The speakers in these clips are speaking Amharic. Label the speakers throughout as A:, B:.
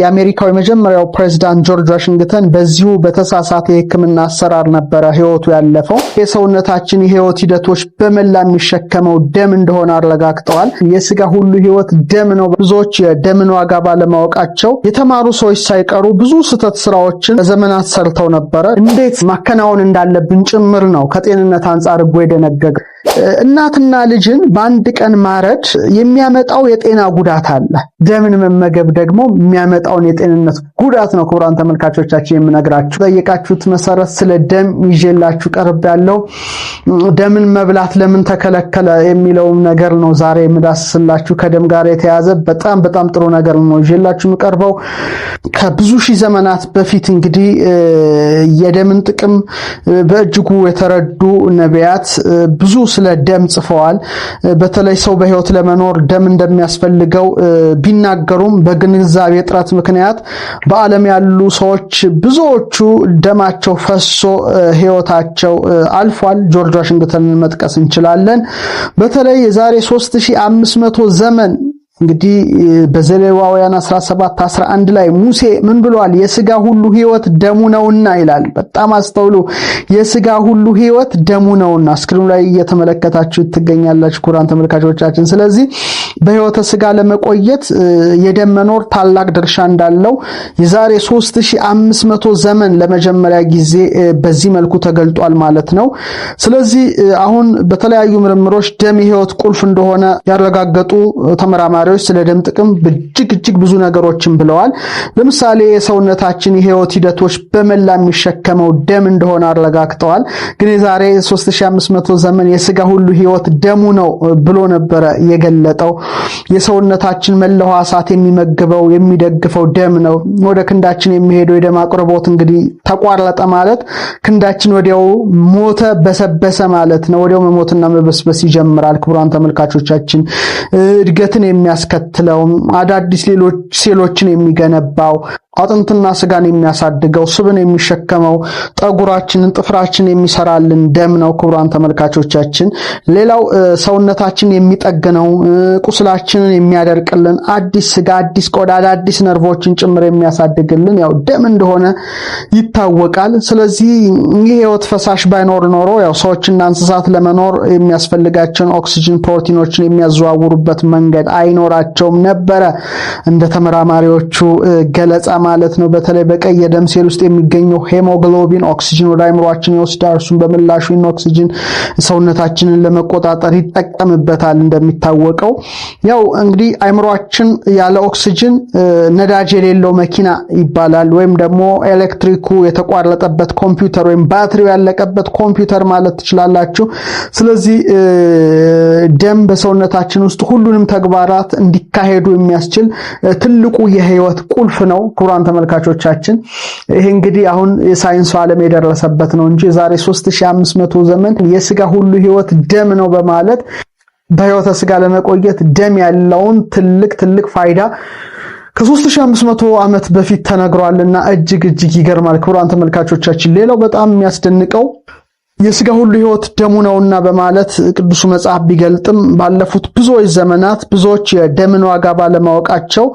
A: የአሜሪካው የመጀመሪያው ፕሬዚዳንት ጆርጅ ዋሽንግተን በዚሁ በተሳሳተ የሕክምና አሰራር ነበረ ህይወቱ ያለፈው። የሰውነታችን የህይወት ሂደቶች በመላ የሚሸከመው ደም እንደሆነ አረጋግጠዋል። የስጋ ሁሉ ህይወት ደም ነው። ብዙዎች የደምን ዋጋ ባለማወቃቸው የተማሩ ሰዎች ሳይቀሩ ብዙ ስህተት ስራዎችን በዘመናት ሰርተው ነበረ። እንዴት ማከናወን እንዳለብን ጭምር ነው ከጤንነት አንጻር ጎ የደነገገ እናትና ልጅን በአንድ ቀን ማረድ የሚያመጣው የጤና ጉዳት አለ። ደምን መመገብ ደግሞ የሚያመጣውን የጤንነት ጉዳት ነው። ክቡራን ተመልካቾቻችን የምነግራችሁ ጠየቃችሁት መሰረት ስለ ደም ይዤላችሁ ቀርብ ያለው ደምን መብላት ለምን ተከለከለ የሚለውም ነገር ነው ዛሬ የምዳስስላችሁ። ከደም ጋር የተያዘ በጣም በጣም ጥሩ ነገር ነው ይዤላችሁ የምቀርበው። ከብዙ ሺህ ዘመናት በፊት እንግዲህ የደምን ጥቅም በእጅጉ የተረዱ ነቢያት ብዙ ስለ ደም ጽፈዋል። በተለይ ሰው በህይወት ለመኖር ደም እንደሚያስፈልገው ቢናገሩም በግንዛቤ እጥረት ምክንያት በዓለም ያሉ ሰዎች ብዙዎቹ ደማቸው ፈሶ ህይወታቸው አልፏል። ጆርጅ ዋሽንግተንን መጥቀስ እንችላለን። በተለይ የዛሬ 3500 ዘመን እንግዲህ በዘሌዋውያን 17 11 ላይ ሙሴ ምን ብሏል? የስጋ ሁሉ ህይወት ደሙ ነውና ይላል። በጣም አስተውሉ። የስጋ ሁሉ ህይወት ደሙ ነውና። ስክሪኑ ላይ እየተመለከታችሁ ትገኛላችሁ፣ ኩራን ተመልካቾቻችን። ስለዚህ በህይወተ ስጋ ለመቆየት የደም መኖር ታላቅ ድርሻ እንዳለው የዛሬ 3500 ዘመን ለመጀመሪያ ጊዜ በዚህ መልኩ ተገልጧል ማለት ነው። ስለዚህ አሁን በተለያዩ ምርምሮች ደም የህይወት ቁልፍ እንደሆነ ያረጋገጡ ተመራማሪዎች ስለ ደም ጥቅም እጅግ እጅግ ብዙ ነገሮችን ብለዋል። ለምሳሌ የሰውነታችን የህይወት ሂደቶች በመላ የሚሸከመው ደም እንደሆነ አረጋግጠዋል። ግን የዛሬ 3500 ዘመን የስጋ ሁሉ ህይወት ደሙ ነው ብሎ ነበረ የገለጠው የሰውነታችን መለዋ እሳት የሚመግበው የሚደግፈው ደም ነው። ወደ ክንዳችን የሚሄደው የደም አቅርቦት እንግዲህ ተቋረጠ ማለት ክንዳችን ወዲያው ሞተ በሰበሰ ማለት ነው። ወዲያው መሞትና መበስበስ ይጀምራል። ክቡራን ተመልካቾቻችን እድገትን የሚያስከትለው አዳዲስ ሌሎች ሴሎችን የሚገነባው አጥንትና ስጋን የሚያሳድገው ስብን የሚሸከመው ጠጉራችንን ጥፍራችን የሚሰራልን ደም ነው። ክቡራን ተመልካቾቻችን፣ ሌላው ሰውነታችን የሚጠግነው ቁስላችንን የሚያደርቅልን አዲስ ስጋ፣ አዲስ ቆዳ፣ አዲስ ነርቮችን ጭምር የሚያሳድግልን ያው ደም እንደሆነ ይታወቃል። ስለዚህ ይህ ህይወት ፈሳሽ ባይኖር ኖሮ ያው ሰዎችና እንስሳት ለመኖር የሚያስፈልጋቸውን ኦክሲጅን፣ ፕሮቲኖችን የሚያዘዋውሩበት መንገድ አይኖራቸውም ነበረ። እንደ ተመራማሪዎቹ ገለጻ ማለት ነው በተለይ በቀይ የደም ሴል ውስጥ የሚገኘው ሄሞግሎቢን ኦክሲጅን ወደ አይምሯችን ይወስዳል። እርሱም በምላሹ ኦክሲጅን ሰውነታችንን ለመቆጣጠር ይጠቀምበታል። እንደሚታወቀው ያው እንግዲህ አይምሯችን ያለ ኦክሲጅን ነዳጅ የሌለው መኪና ይባላል። ወይም ደግሞ ኤሌክትሪኩ የተቋረጠበት ኮምፒውተር ወይም ባትሪው ያለቀበት ኮምፒውተር ማለት ትችላላችሁ። ስለዚህ ደም በሰውነታችን ውስጥ ሁሉንም ተግባራት እንዲካሄዱ የሚያስችል ትልቁ የህይወት ቁልፍ ነው። ክቡራን ተመልካቾቻችን ይህ እንግዲህ አሁን የሳይንሱ ዓለም የደረሰበት ነው እንጂ ዛሬ 3500 ዘመን የስጋ ሁሉ ህይወት ደም ነው በማለት በህይወተ ስጋ ለመቆየት ደም ያለውን ትልቅ ትልቅ ፋይዳ ከ3500 ዓመት በፊት ተነግሯልና እጅግ እጅግ ይገርማል። ክቡራን ተመልካቾቻችን ሌላው በጣም የሚያስደንቀው የስጋ ሁሉ ህይወት ደሙ ነውና በማለት ቅዱሱ መጽሐፍ ቢገልጥም ባለፉት ብዙዎች ዘመናት ብዙዎች የደምን ዋጋ ባለማወቃቸው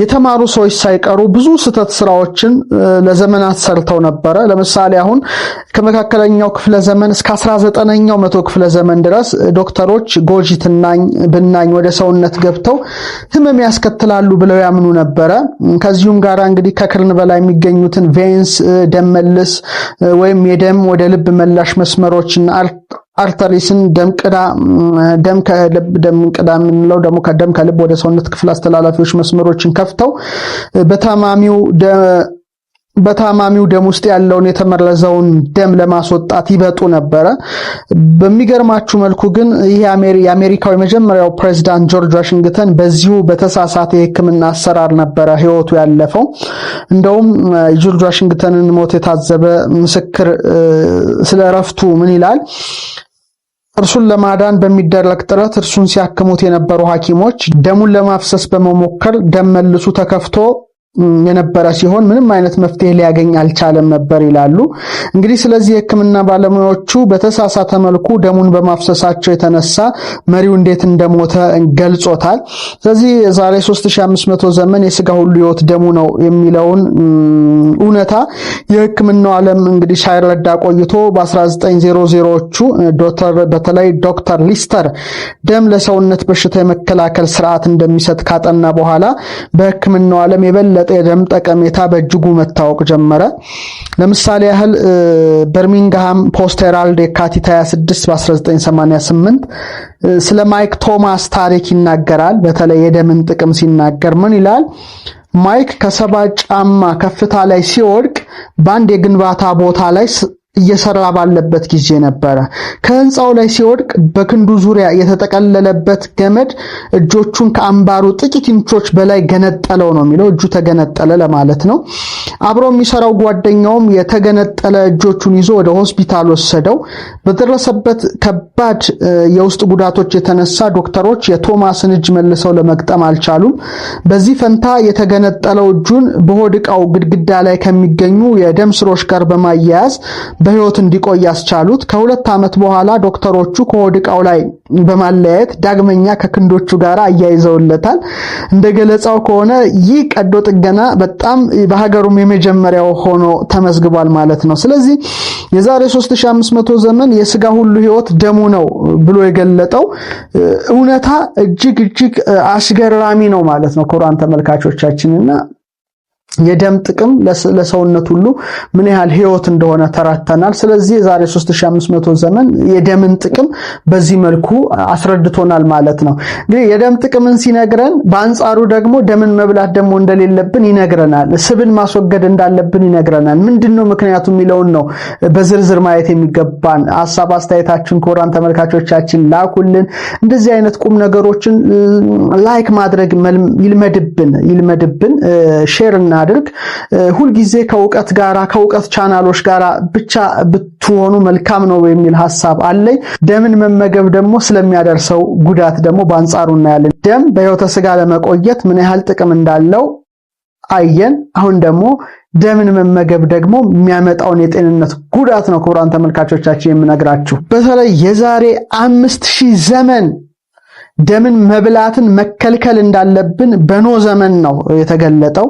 A: የተማሩ ሰዎች ሳይቀሩ ብዙ ስህተት ስራዎችን ለዘመናት ሰርተው ነበረ። ለምሳሌ አሁን ከመካከለኛው ክፍለ ዘመን እስከ 19ኛው መቶ ክፍለ ዘመን ድረስ ዶክተሮች ጎጂ ትናኝ ብናኝ ወደ ሰውነት ገብተው ህመም ያስከትላሉ ብለው ያምኑ ነበረ። ከዚሁም ጋር እንግዲህ ከክርን በላይ የሚገኙትን ቬንስ ደም መልስ ወይም የደም ወደ ልብ መላሽ መስመሮችን አርተሪስን ደም ከልብ ደም ቅዳ የምንለው ደግሞ ከደም ከልብ ወደ ሰውነት ክፍል አስተላላፊዎች መስመሮችን ከፍተው በታማሚው በታማሚው ደም ውስጥ ያለውን የተመረዘውን ደም ለማስወጣት ይበጡ ነበረ። በሚገርማችሁ መልኩ ግን ይህ የአሜሪካው የመጀመሪያው ፕሬዚዳንት ጆርጅ ዋሽንግተን በዚሁ በተሳሳተ የሕክምና አሰራር ነበረ ህይወቱ ያለፈው። እንደውም ጆርጅ ዋሽንግተንን ሞት የታዘበ ምስክር ስለ እረፍቱ ምን ይላል? እርሱን ለማዳን በሚደረግ ጥረት እርሱን ሲያክሙት የነበሩ ሐኪሞች ደሙን ለማፍሰስ በመሞከር ደም መልሱ ተከፍቶ የነበረ ሲሆን ምንም አይነት መፍትሄ ሊያገኝ አልቻለም ነበር ይላሉ። እንግዲህ ስለዚህ የሕክምና ባለሙያዎቹ በተሳሳተ መልኩ ደሙን በማፍሰሳቸው የተነሳ መሪው እንዴት እንደሞተ ገልጾታል። ስለዚህ ዛሬ 3500 ዘመን የስጋ ሁሉ ህይወት ደሙ ነው የሚለውን እውነታ የሕክምናው ዓለም እንግዲህ ሳይረዳ ቆይቶ በ1900ዎቹ ዶክተር በተለይ ዶክተር ሊስተር ደም ለሰውነት በሽታ የመከላከል ስርዓት እንደሚሰጥ ካጠና በኋላ በሕክምናው ዓለም የበለጠ የደም ጠቀሜታ በእጅጉ መታወቅ ጀመረ። ለምሳሌ ያህል በርሚንግሃም ፖስት ሄራልድ የካቲት 26 በ1988 ስለ ማይክ ቶማስ ታሪክ ይናገራል። በተለይ የደምን ጥቅም ሲናገር ምን ይላል? ማይክ ከሰባ ጫማ ከፍታ ላይ ሲወድቅ በአንድ የግንባታ ቦታ ላይ እየሰራ ባለበት ጊዜ ነበረ። ከህንፃው ላይ ሲወድቅ በክንዱ ዙሪያ የተጠቀለለበት ገመድ እጆቹን ከአምባሩ ጥቂት ኢንቾች በላይ ገነጠለው ነው የሚለው። እጁ ተገነጠለ ለማለት ነው። አብሮ የሚሰራው ጓደኛውም የተገነጠለ እጆቹን ይዞ ወደ ሆስፒታል ወሰደው። በደረሰበት ከባድ የውስጥ ጉዳቶች የተነሳ ዶክተሮች የቶማስን እጅ መልሰው ለመግጠም አልቻሉም። በዚህ ፈንታ የተገነጠለው እጁን በሆድ ግድግዳ ላይ ከሚገኙ የደም ስሮች ጋር በማያያዝ በህይወት እንዲቆይ ያስቻሉት ከሁለት ዓመት በኋላ ዶክተሮቹ ከሆድ እቃው ላይ በማለያየት ዳግመኛ ከክንዶቹ ጋር አያይዘውለታል። እንደ ገለጻው ከሆነ ይህ ቀዶ ጥገና በጣም በሀገሩም የመጀመሪያው ሆኖ ተመዝግቧል ማለት ነው። ስለዚህ የዛሬ 3500 ዘመን የስጋ ሁሉ ህይወት ደሙ ነው ብሎ የገለጠው እውነታ እጅግ እጅግ አስገራሚ ነው ማለት ነው። ክቡራን ተመልካቾቻችንና የደም ጥቅም ለሰውነት ሁሉ ምን ያህል ህይወት እንደሆነ ተራተናል። ስለዚህ የዛሬ 3500 ዘመን የደምን ጥቅም በዚህ መልኩ አስረድቶናል ማለት ነው። እንግዲህ የደም ጥቅምን ሲነግረን፣ በአንጻሩ ደግሞ ደምን መብላት ደግሞ እንደሌለብን ይነግረናል። ስብን ማስወገድ እንዳለብን ይነግረናል። ምንድን ነው ምክንያቱ የሚለውን ነው በዝርዝር ማየት የሚገባን። ሀሳብ አስተያየታችን ክቡራን ተመልካቾቻችን ላኩልን። እንደዚህ አይነት ቁም ነገሮችን ላይክ ማድረግ ይልመድብን ይልመድብን ሼርና ብናደርግ ሁልጊዜ ከእውቀት ጋራ ከእውቀት ቻናሎች ጋራ ብቻ ብትሆኑ መልካም ነው የሚል ሀሳብ አለኝ። ደምን መመገብ ደግሞ ስለሚያደርሰው ጉዳት ደግሞ በአንጻሩ እናያለን። ደም በህይወተ ስጋ ለመቆየት ምን ያህል ጥቅም እንዳለው አየን። አሁን ደግሞ ደምን መመገብ ደግሞ የሚያመጣውን የጤንነት ጉዳት ነው ክቡራን ተመልካቾቻችን የምነግራችሁ በተለይ የዛሬ አምስት ሺህ ዘመን ደምን መብላትን መከልከል እንዳለብን በኖ ዘመን ነው የተገለጠው።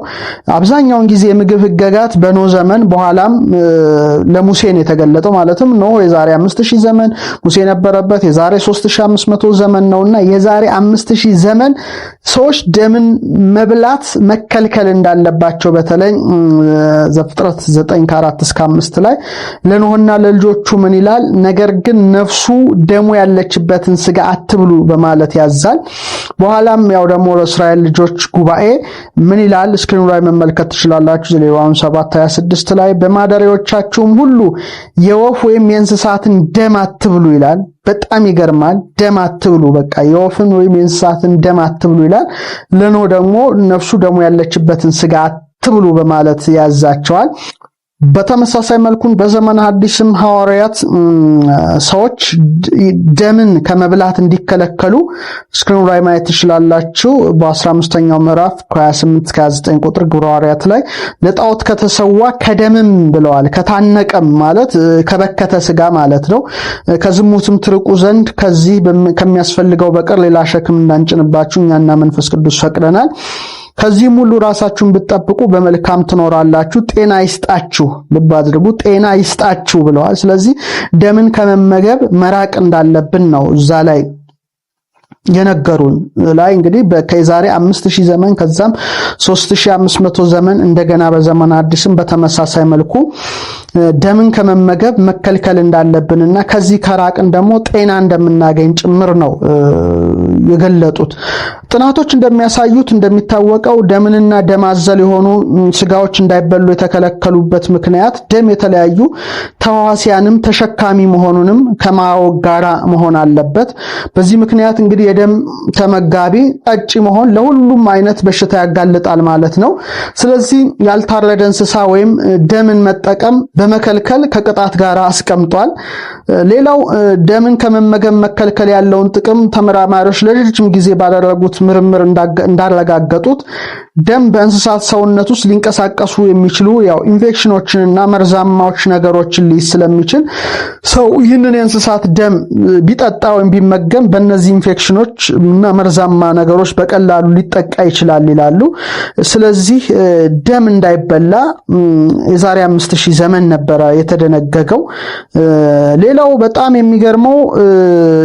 A: አብዛኛውን ጊዜ የምግብ ህገጋት በኖ ዘመን በኋላም ለሙሴን የተገለጠው ማለትም ኖ የዛሬ 5000 ዘመን ሙሴ የነበረበት የዛሬ 3500 ዘመን ነውና የዛሬ 5000 ዘመን ሰዎች ደምን መብላት መከልከል እንዳለባቸው በተለይ ዘፍጥረት 9 ከ4 እስከ 5 ላይ ለኖህና ለልጆቹ ምን ይላል? ነገር ግን ነፍሱ ደሙ ያለችበትን ስጋ አትብሉ በማለት ያዛል። በኋላም ያው ደግሞ ለእስራኤል ልጆች ጉባኤ ምን ይላል እስክሪኑ ላይ መመልከት ትችላላችሁ። ዘሌዋውያን 7:26 ላይ በማደሪያዎቻችሁም ሁሉ የወፍ ወይም የእንስሳትን ደም አትብሉ ይላል። በጣም ይገርማል። ደም አትብሉ፣ በቃ የወፍን ወይም የእንስሳትን ደም አትብሉ ይላል። ለኖ ደግሞ ነፍሱ ደግሞ ያለችበትን ስጋ አትብሉ በማለት ያዛቸዋል። በተመሳሳይ መልኩም በዘመነ ሐዲስም ሐዋርያት ሰዎች ደምን ከመብላት እንዲከለከሉ ስክሪኑ ላይ ማየት ትችላላችሁ። በ15ኛው ምዕራፍ ከ28 29 ቁጥር ግብረ ሐዋርያት ላይ ለጣዖት ከተሰዋ ከደምም ብለዋል። ከታነቀም ማለት ከበከተ ስጋ ማለት ነው። ከዝሙትም ትርቁ ዘንድ ከዚህ ከሚያስፈልገው በቀር ሌላ ሸክም እንዳንጭንባችሁ እኛና መንፈስ ቅዱስ ፈቅደናል። ከዚህም ሁሉ ራሳችሁን ብትጠብቁ በመልካም ትኖራላችሁ። ጤና ይስጣችሁ፣ ልብ አድርጉ፣ ጤና ይስጣችሁ ብለዋል። ስለዚህ ደምን ከመመገብ መራቅ እንዳለብን ነው እዛ ላይ የነገሩን ላይ እንግዲህ ከዛሬ 5000 ዘመን ከዛም 3500 ዘመን እንደገና በዘመን አዲስም በተመሳሳይ መልኩ ደምን ከመመገብ መከልከል እንዳለብንና ከዚህ ከራቅን ደግሞ ጤና እንደምናገኝ ጭምር ነው የገለጡት። ጥናቶች እንደሚያሳዩት እንደሚታወቀው ደምንና ደም አዘል የሆኑ ስጋዎች እንዳይበሉ የተከለከሉበት ምክንያት ደም የተለያዩ ተዋሲያንም ተሸካሚ መሆኑንም ከማወቅ ጋራ መሆን አለበት። በዚህ ምክንያት እንግዲህ የደም ተመጋቢ ጠጪ መሆን ለሁሉም አይነት በሽታ ያጋልጣል ማለት ነው። ስለዚህ ያልታረደ እንስሳ ወይም ደምን መጠቀም በመከልከል ከቅጣት ጋር አስቀምጧል። ሌላው ደምን ከመመገብ መከልከል ያለውን ጥቅም ተመራማሪዎች ለረጅም ጊዜ ባደረጉት ምርምር እንዳረጋገጡት ደም በእንስሳት ሰውነት ውስጥ ሊንቀሳቀሱ የሚችሉ ያው ኢንፌክሽኖችንና መርዛማዎች ነገሮችን ሊይዝ ስለሚችል ሰው ይህንን የእንስሳት ደም ቢጠጣ ወይም ቢመገም በእነዚህ ኢንፌክሽኖች እና መርዛማ ነገሮች በቀላሉ ሊጠቃ ይችላል ይላሉ። ስለዚህ ደም እንዳይበላ የዛሬ አምስት ሺህ ዘመን ነበረ የተደነገገው። ሌላው በጣም የሚገርመው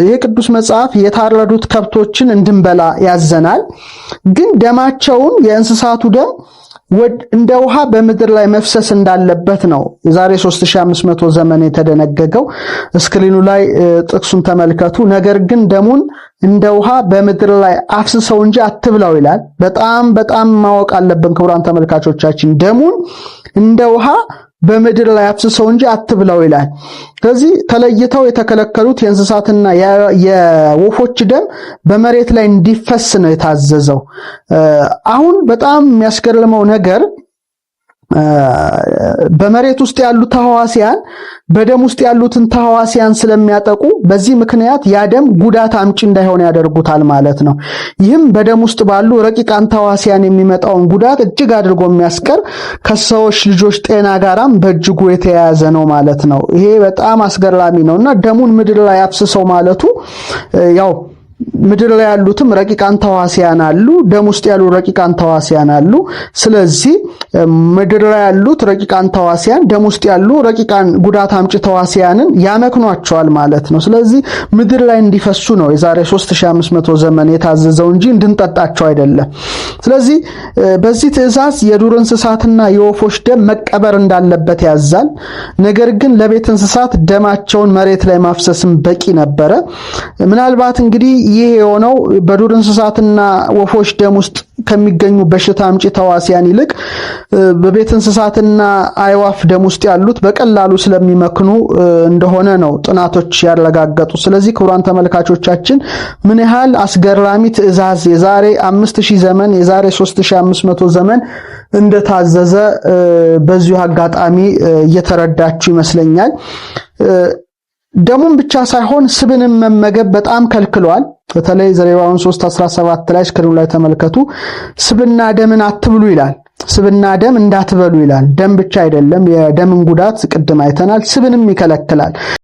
A: ይህ ቅዱስ መጽሐፍ የታረዱት ከብቶችን እንድንበላ ያዘናል፣ ግን ደማቸውን የእንስሳቱ ደም እንደ ውሃ በምድር ላይ መፍሰስ እንዳለበት ነው የዛሬ 3500 ዘመን የተደነገገው። እስክሪኑ ላይ ጥቅሱን ተመልከቱ። ነገር ግን ደሙን እንደ ውሃ በምድር ላይ አፍስሰው እንጂ አትብላው ይላል። በጣም በጣም ማወቅ አለብን ክቡራን ተመልካቾቻችን፣ ደሙን እንደ ውሃ በምድር ላይ አፍስሰው እንጂ አትብላው ይላል። ስለዚህ ተለይተው የተከለከሉት የእንስሳትና የወፎች ደም በመሬት ላይ እንዲፈስ ነው የታዘዘው። አሁን በጣም የሚያስገርመው ነገር በመሬት ውስጥ ያሉ ተህዋሲያን በደም ውስጥ ያሉትን ተህዋሲያን ስለሚያጠቁ በዚህ ምክንያት ያ ደም ጉዳት አምጪ እንዳይሆን ያደርጉታል ማለት ነው። ይህም በደም ውስጥ ባሉ ረቂቃን ተህዋሲያን የሚመጣውን ጉዳት እጅግ አድርጎ የሚያስቀር ከሰዎች ልጆች ጤና ጋራም በእጅጉ የተያያዘ ነው ማለት ነው። ይሄ በጣም አስገራሚ ነው እና ደሙን ምድር ላይ አፍስሰው ማለቱ ያው ምድር ላይ ያሉትም ረቂቃን ተዋሲያን አሉ፣ ደም ውስጥ ያሉ ረቂቃን ተዋሲያን አሉ። ስለዚህ ምድር ላይ ያሉት ረቂቃን ተዋሲያን ደም ውስጥ ያሉ ረቂቃን ጉዳት አምጪ ተዋሲያንን ያመክኗቸዋል ማለት ነው። ስለዚህ ምድር ላይ እንዲፈሱ ነው የዛሬ 3500 ዘመን የታዘዘው እንጂ እንድንጠጣቸው አይደለም። ስለዚህ በዚህ ትእዛዝ የዱር እንስሳትና የወፎች ደም መቀበር እንዳለበት ያዛል። ነገር ግን ለቤት እንስሳት ደማቸውን መሬት ላይ ማፍሰስም በቂ ነበረ። ምናልባት እንግዲህ ይህ የሆነው በዱር እንስሳትና ወፎች ደም ውስጥ ከሚገኙ በሽታ አምጪ ተዋሲያን ይልቅ በቤት እንስሳትና አይዋፍ ደም ውስጥ ያሉት በቀላሉ ስለሚመክኑ እንደሆነ ነው ጥናቶች ያረጋገጡ። ስለዚህ ክቡራን ተመልካቾቻችን ምን ያህል አስገራሚ ትዕዛዝ የዛሬ 5000 ዘመን የዛሬ 3500 ዘመን እንደታዘዘ በዚሁ አጋጣሚ እየተረዳችሁ ይመስለኛል። ደሙን ብቻ ሳይሆን ስብንም መመገብ በጣም ከልክሏል። በተለይ ዘሌዋውያን 3:17 ላይ ስክሪኑ ላይ ተመልከቱ። ስብና ደምን አትብሉ ይላል። ስብና ደም እንዳትበሉ ይላል። ደም ብቻ አይደለም፣ የደምን ጉዳት ቅድም አይተናል። ስብንም ይከለክላል።